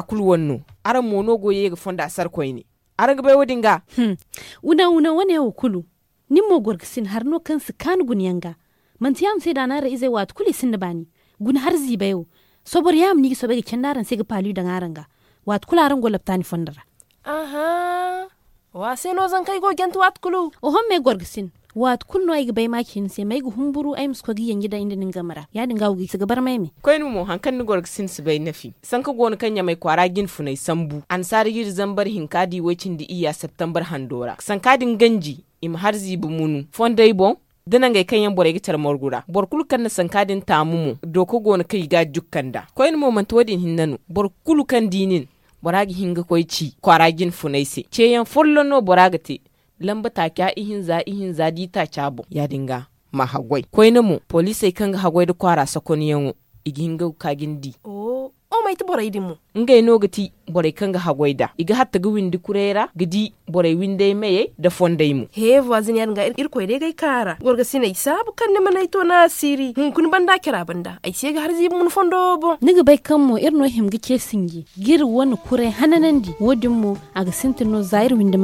kul wonnu ara mono go yega fonda sar koyni aran gbe wodinga hmm. una una wane kulu nimmo gorgsin harno kansu kan gunyanga mantiyam sai dana ra izai wat kuli sin bani gun har zi bayo sobor yam ni sobe ke naran sai ga palu da ngaranga wat kularan go laptani fondara aha wa sai no zan kai go gentu wat kulu o homme gorgsin wat kunno ay bay ma kin se may gu ai ay musko gi yangi da indin gamara ya dinga wugi su gabar mai me koy nu mo hankan ni sin su bai nafi san ka gon kan ya mai kwara gin funai sambu an sari yir zambar hinkadi wacin di iya september handora san kadin ganji im har zibu munu fondai bon dana ngai kan bore gi tar morgura bor kul kan san kadin tamumu do ko gon kai ga jukkanda koy nu mo man todin hinnanu bor kul kan dinin boragi hinga koy ci kwaragin funaise ceyan no boragati lamba ta kya ihin za ihin za di ta ya dinga ma hagwai koy mu polisai kan hagwai da kwara sakon yanwo igihin ga kagin di oh. o mai ta borai dimu ngai no gati borai kanga hagoida iga hatta ga windi kurera gidi borai windai meye da fondai mu he voisin yar ngai irko dai gai kara gorga sina isabu kan ne manai to na siri hun kun banda kira banda ai sai ga har mun fondo bo niga bai kan mu irno himgi ke singi gir wani kurai nan di wodin mu aga sintino zair windi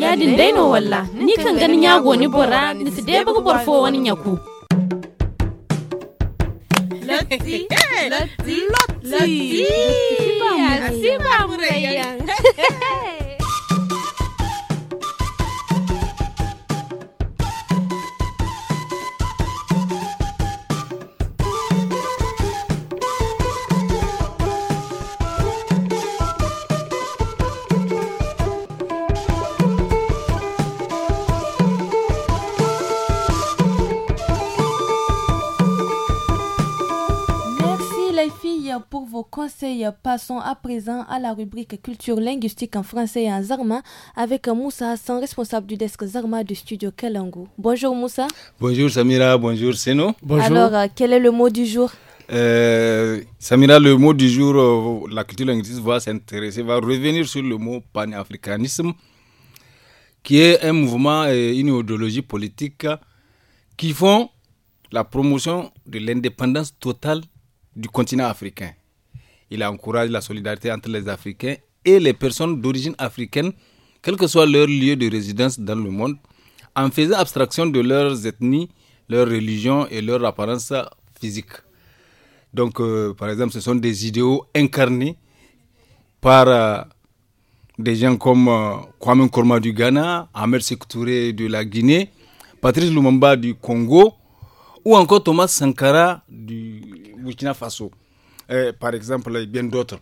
yadin dai no walla ni kan ganin yago ni bora ni su bugu borfo wani nyaku. Loti. Loti. C'est Loti. pour vos conseils. Passons à présent à la rubrique culture linguistique en français et en zarma avec Moussa Hassan, responsable du desk zarma du studio Kalangu. Bonjour Moussa. Bonjour Samira, bonjour Seno. Bonjour. Alors, euh, quel est le mot du jour euh, Samira, le mot du jour, euh, la culture linguistique va s'intéresser, va revenir sur le mot panafricanisme, qui est un mouvement et une idéologie politique qui font la promotion de l'indépendance totale du continent africain. Il encourage la solidarité entre les Africains et les personnes d'origine africaine, quel que soit leur lieu de résidence dans le monde, en faisant abstraction de leurs ethnies, leur religion et leur apparence physique. Donc, euh, par exemple, ce sont des idéaux incarnés par euh, des gens comme euh, Kwame Nkrumah du Ghana, Ahmed Sekou de la Guinée, Patrice Lumumba du Congo, ou encore Thomas Sankara du Burkina Faso, eh, par exemple, et bien d'autres.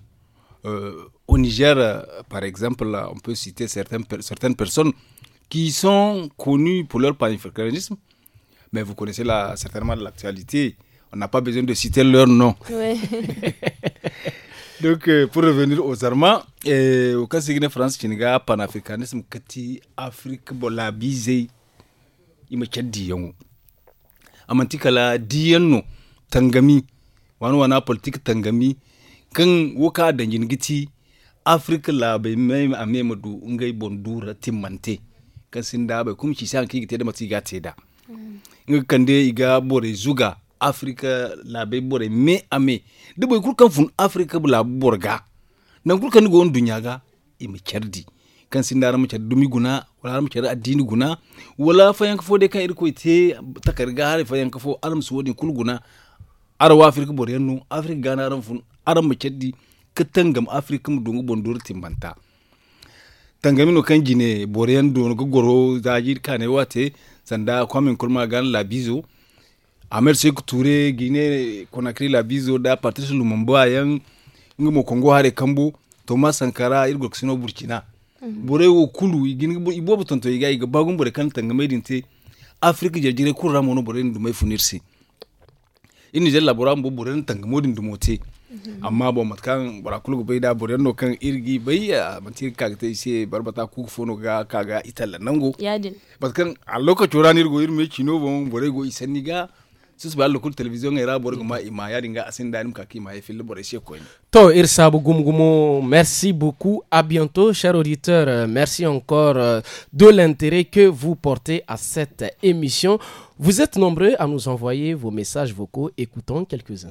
Euh, au Niger, par exemple, on peut citer certaines, certaines personnes qui sont connues pour leur panafricanisme, mais vous connaissez certainement l'actualité, on n'a pas besoin de citer leur nom. donc euh, pour revenir aux armes, eh, au cas de france a panafricanisme afrique bo Il me tient dit, amantikala diyanno tangami wani wana politik tangami kan wuka da yingiti afrika la bai mai a mema du ngai bondura timante kan sin da bai kumci san ki te da ga te da ngai kan de mm. iga bore zuga afrika la bai bore me ame da bai kurkan fun afrika la borga nan kurkan go dunya ga imi kyardi kan sin sindara mu dumi guna wala mu cari addini guna wala fa yanka fo de kan irko te takarga har fa yanka fo aram su wodi kul guna arwa afrika boryanno afrika gana ram fun aram mu ceddi katangam afrika mu dungu bondur timbanta tangamino kan jine boryan do go goro zaji kane wate sanda kwamin kulma gan labizo amer seku ture gine la bizo da patrice lumumba yan ngumo kongo hare kambo thomas sankara irgo sino burkina Mhm. bure wo kulu igin ibo butonto iga iga bagun bore kan tanga medin te afrika jajire kurra mono bore ndu mai funirsi ini je bora mbo bure tanga modin du mote mhm. amma bo matkan bara kulu bai da bure no kan irgi bai ya matir ka te se barbata ku fono ga kaga italla nango yadin matkan a lokacin ranir go irme chino bon bore go isaniga merci beaucoup à bientôt chers auditeurs merci encore euh, de l'intérêt que vous portez à cette émission vous êtes nombreux à nous envoyer vos messages vocaux écoutons quelques-uns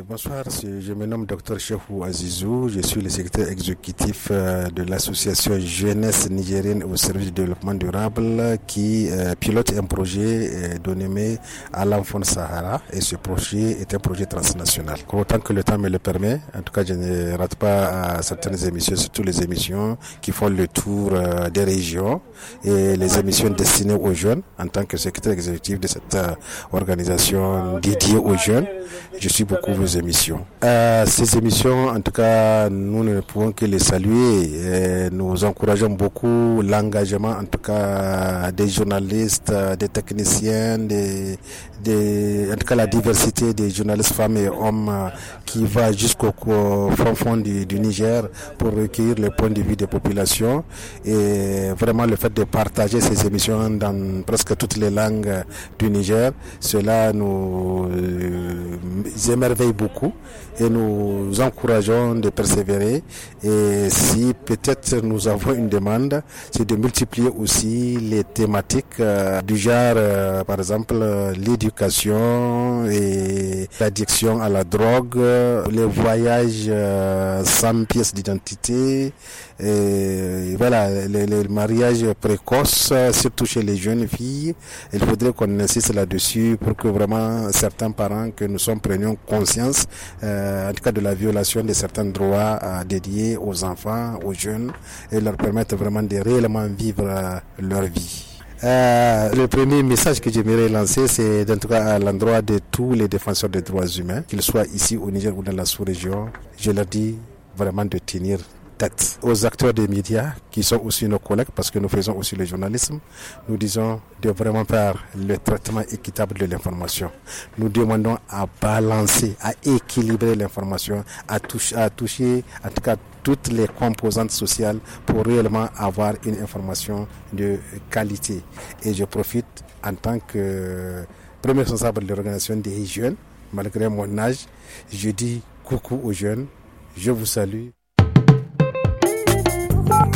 Euh, bonsoir, je me nomme Dr Chefou Azizou, je suis le secrétaire exécutif euh, de l'association Jeunesse Nigérienne au service du développement durable qui euh, pilote un projet donné à l'enfant Sahara et ce projet est un projet transnational. Autant que le temps me le permet, en tout cas je ne rate pas certaines émissions, surtout les émissions qui font le tour des régions et les émissions destinées aux jeunes en tant que secrétaire exécutif de cette organisation dédiée aux jeunes. Je suis beaucoup émissions. Euh, ces émissions, en tout cas, nous ne pouvons que les saluer. Euh, nous encourageons beaucoup l'engagement, en tout cas, des journalistes, euh, des techniciens, en tout cas la diversité des journalistes femmes et hommes qui va jusqu'au fond du, Niger pour recueillir le point de vue des populations. Et vraiment, le fait de partager ces émissions dans presque toutes les langues du Niger, cela nous émerveille beaucoup et nous encourageons de persévérer. Et si peut-être nous avons une demande, c'est de multiplier aussi les thématiques euh, du genre, euh, par exemple, euh, l'éducation et l'addiction à la drogue, les voyages sans pièce d'identité, et voilà, les, mariages précoces, surtout chez les jeunes filles, il faudrait qu'on insiste là-dessus pour que vraiment certains parents que nous sommes prenions conscience, euh, en tout cas de la violation de certains droits euh, dédiés aux enfants, aux jeunes, et leur permettre vraiment de réellement vivre euh, leur vie. Euh, le premier message que j'aimerais lancer, c'est en tout cas à l'endroit de tous les défenseurs des droits humains, qu'ils soient ici au Niger ou dans la sous-région, je leur dis vraiment de tenir aux acteurs des médias, qui sont aussi nos collègues, parce que nous faisons aussi le journalisme, nous disons de vraiment faire le traitement équitable de l'information. Nous demandons à balancer, à équilibrer l'information, à toucher, à toucher, en tout cas, toutes les composantes sociales pour réellement avoir une information de qualité. Et je profite en tant que premier responsable de l'organisation des jeunes, malgré mon âge, je dis coucou aux jeunes, je vous salue.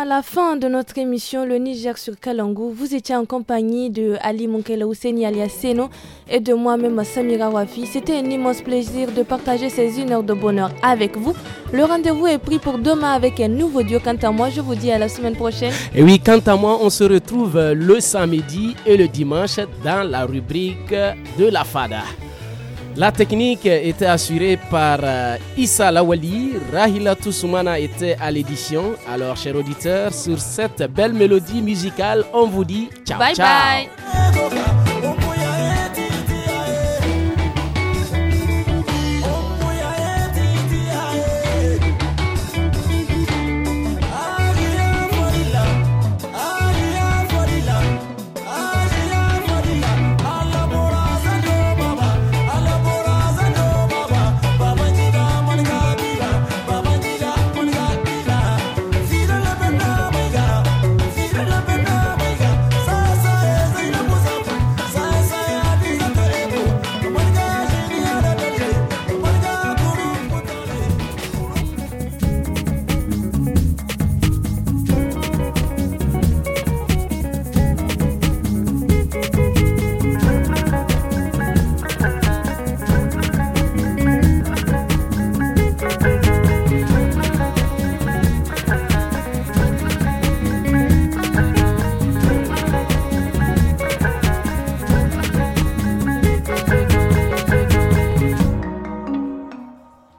à la fin de notre émission Le Niger sur Kalangou. Vous étiez en compagnie de Ali Monkela Ouseni alias Seno et de moi-même Samira Wafi. C'était un immense plaisir de partager ces une heure de bonheur avec vous. Le rendez-vous est pris pour demain avec un nouveau duo. Quant à moi, je vous dis à la semaine prochaine. Et oui, quant à moi, on se retrouve le samedi et le dimanche dans la rubrique de la FADA. La technique était assurée par euh, Issa Lawali, Rahila Toussoumana était à l'édition. Alors, chers auditeurs, sur cette belle mélodie musicale, on vous dit ciao bye Bye.